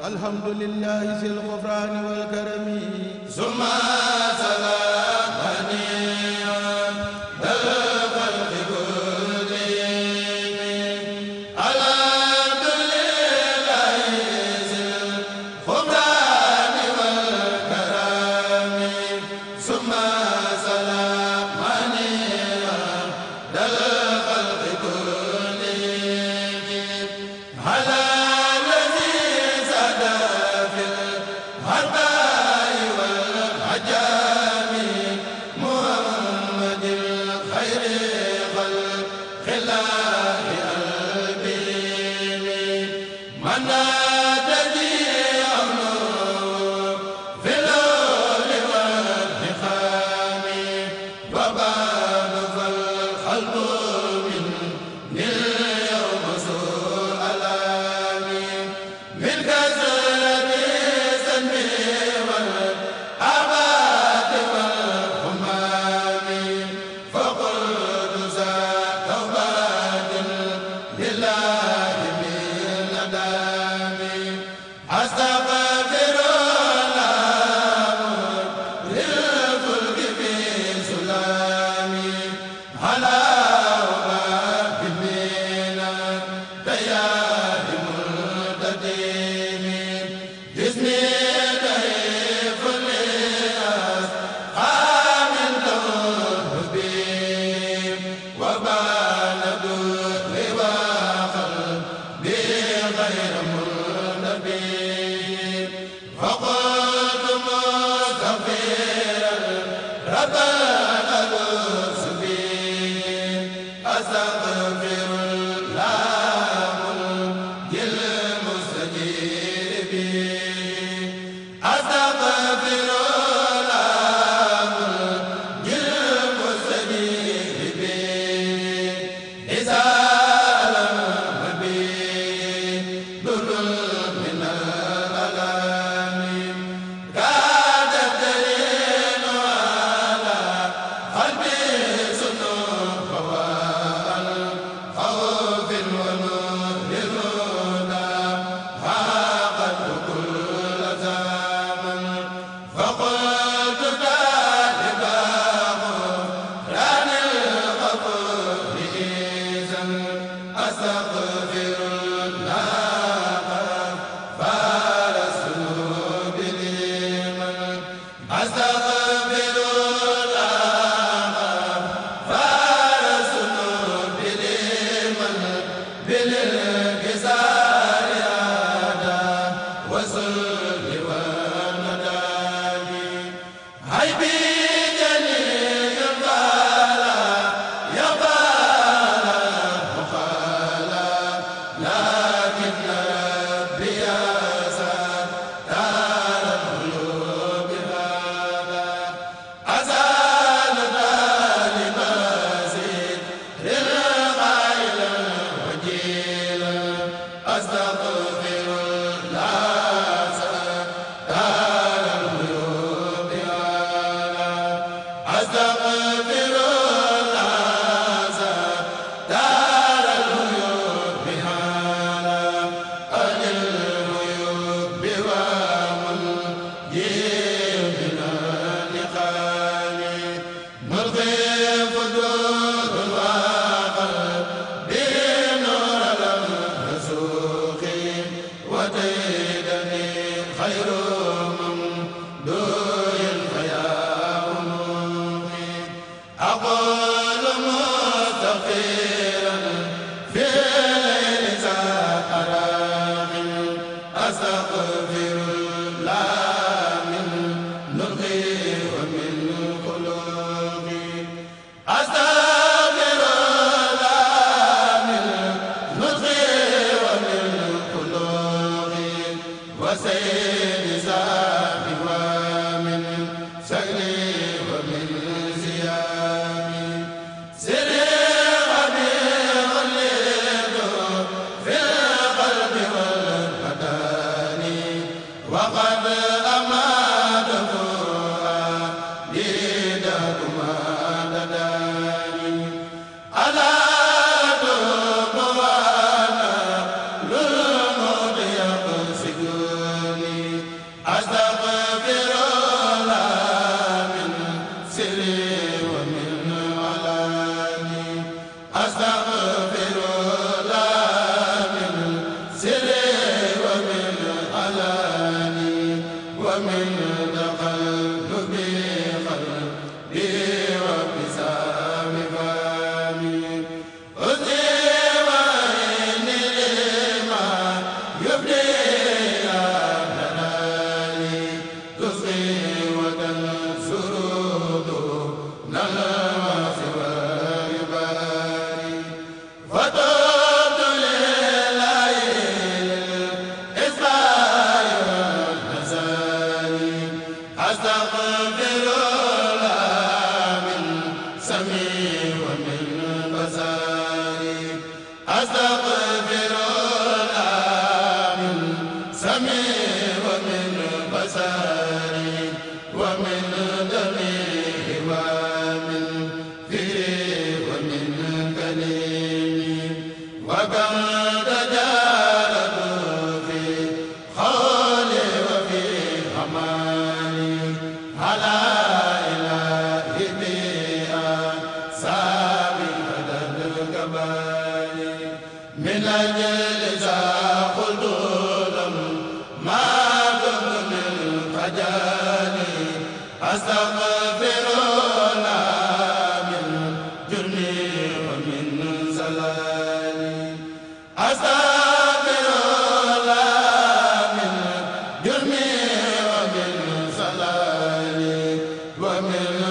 alhamdulillahi zil ghufrani wal karami Allahu Baba أستغفر amiin wa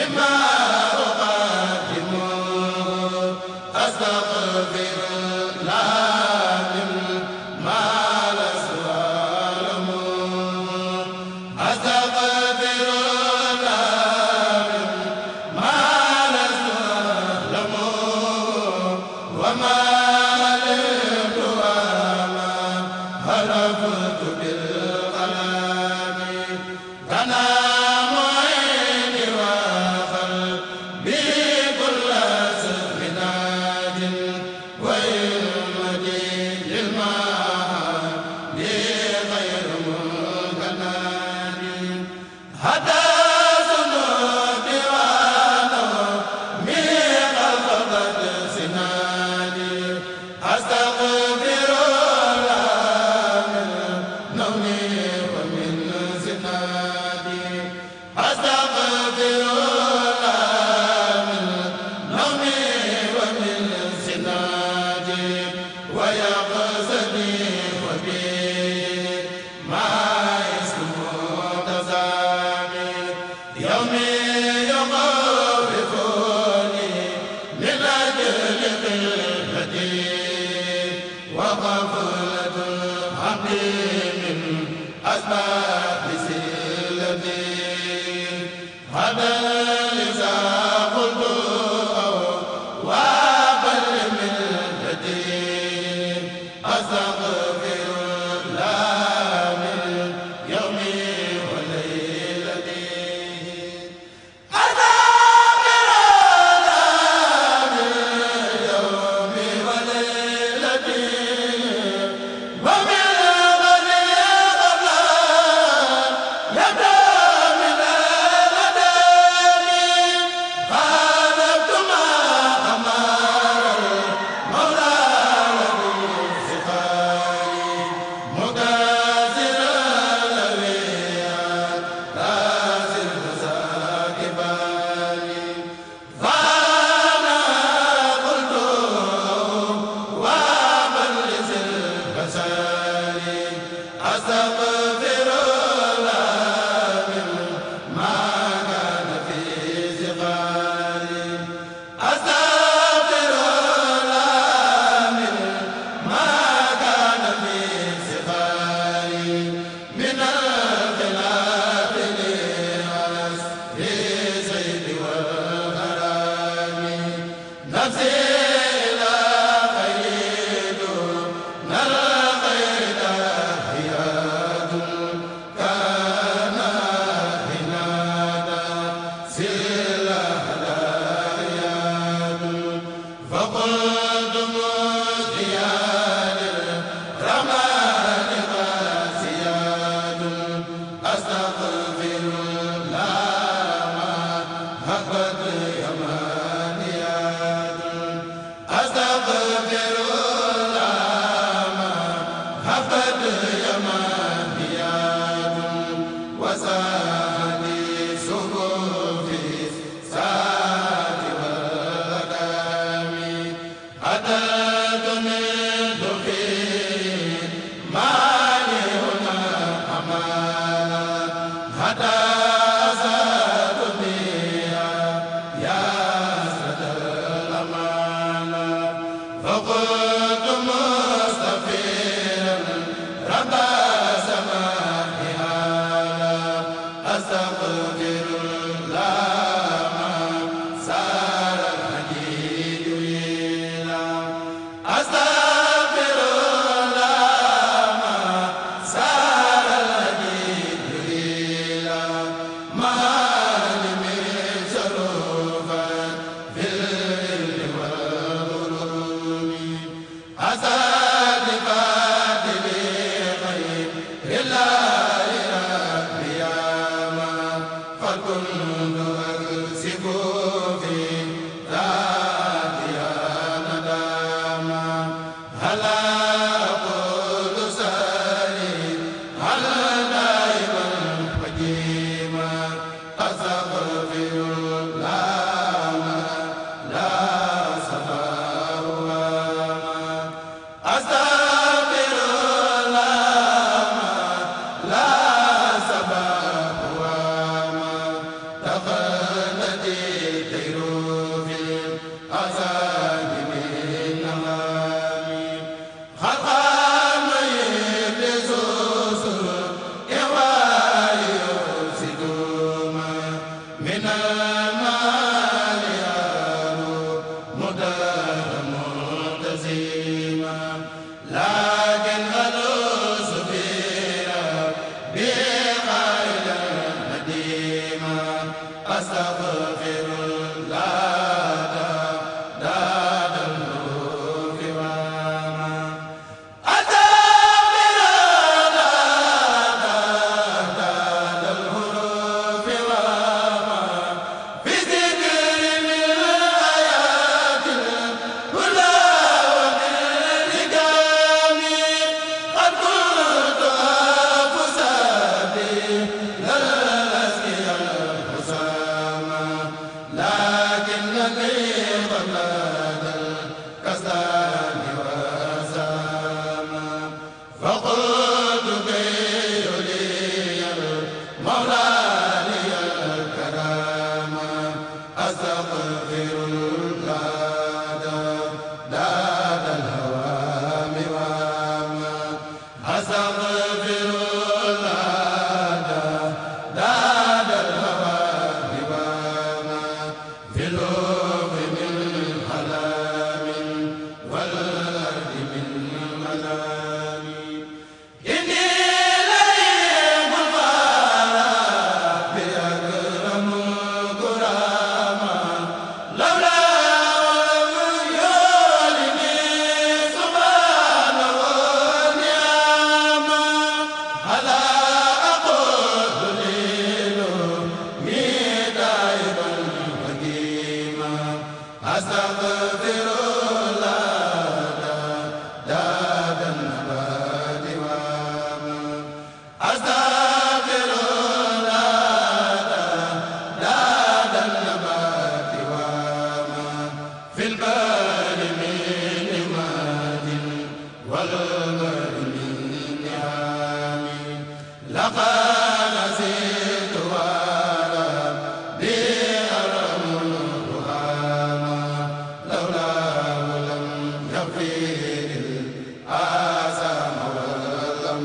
mimma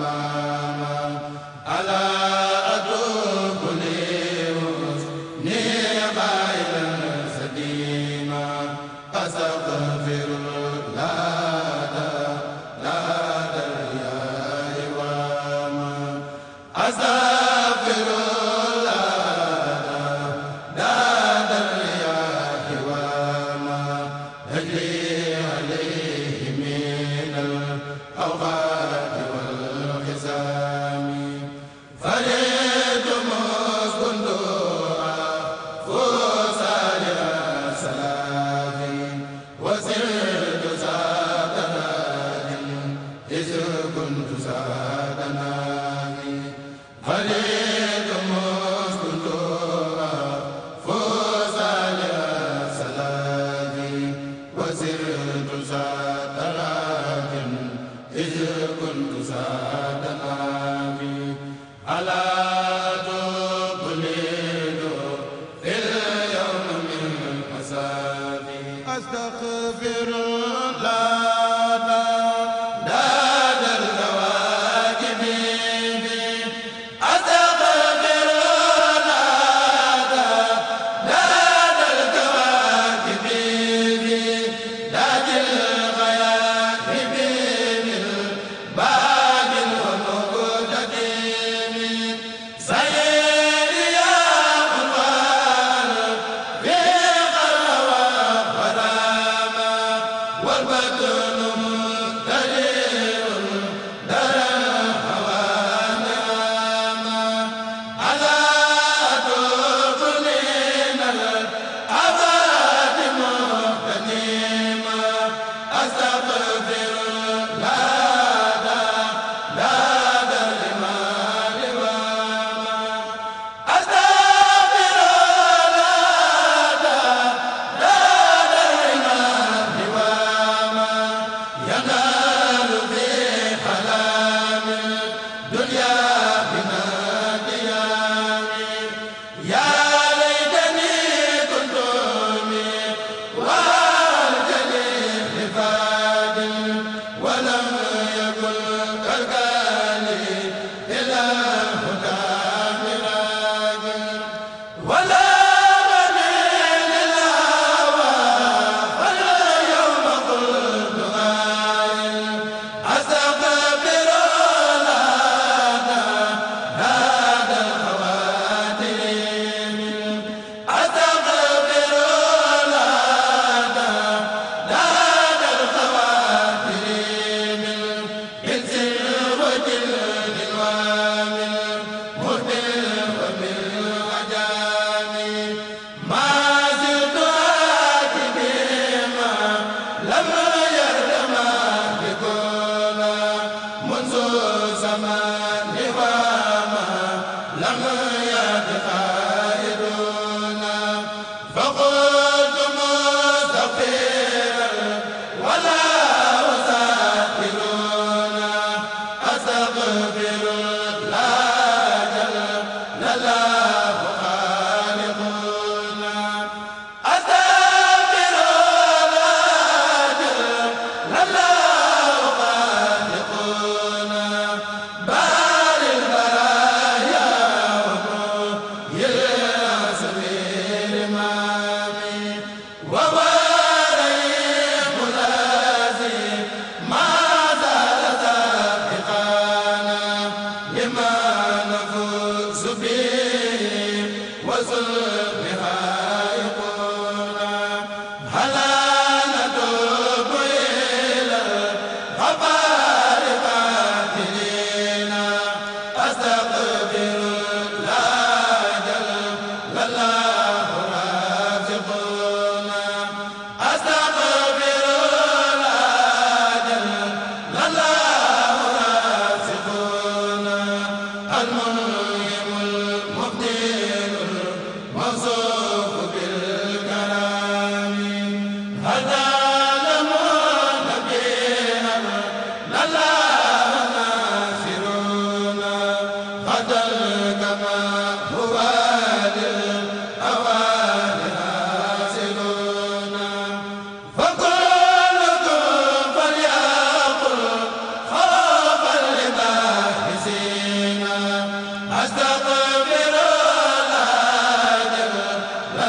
Allah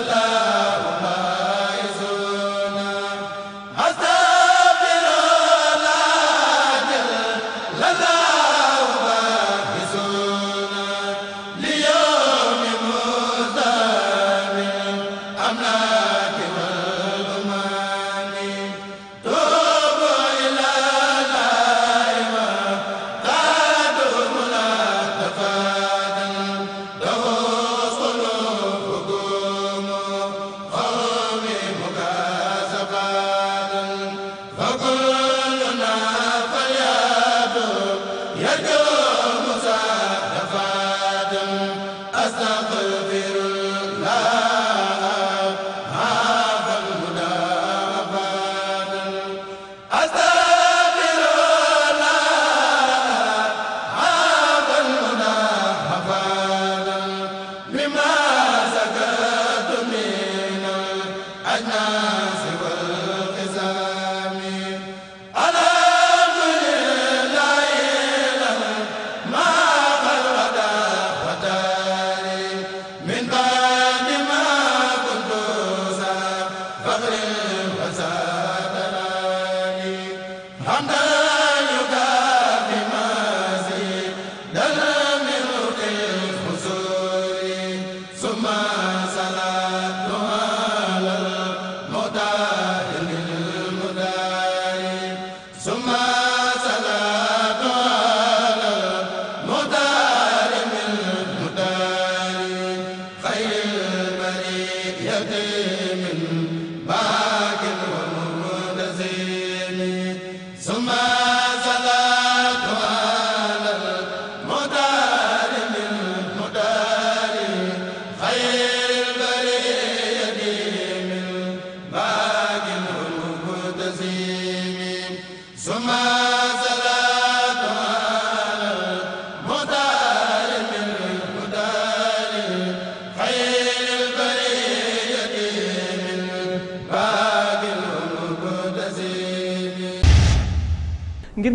la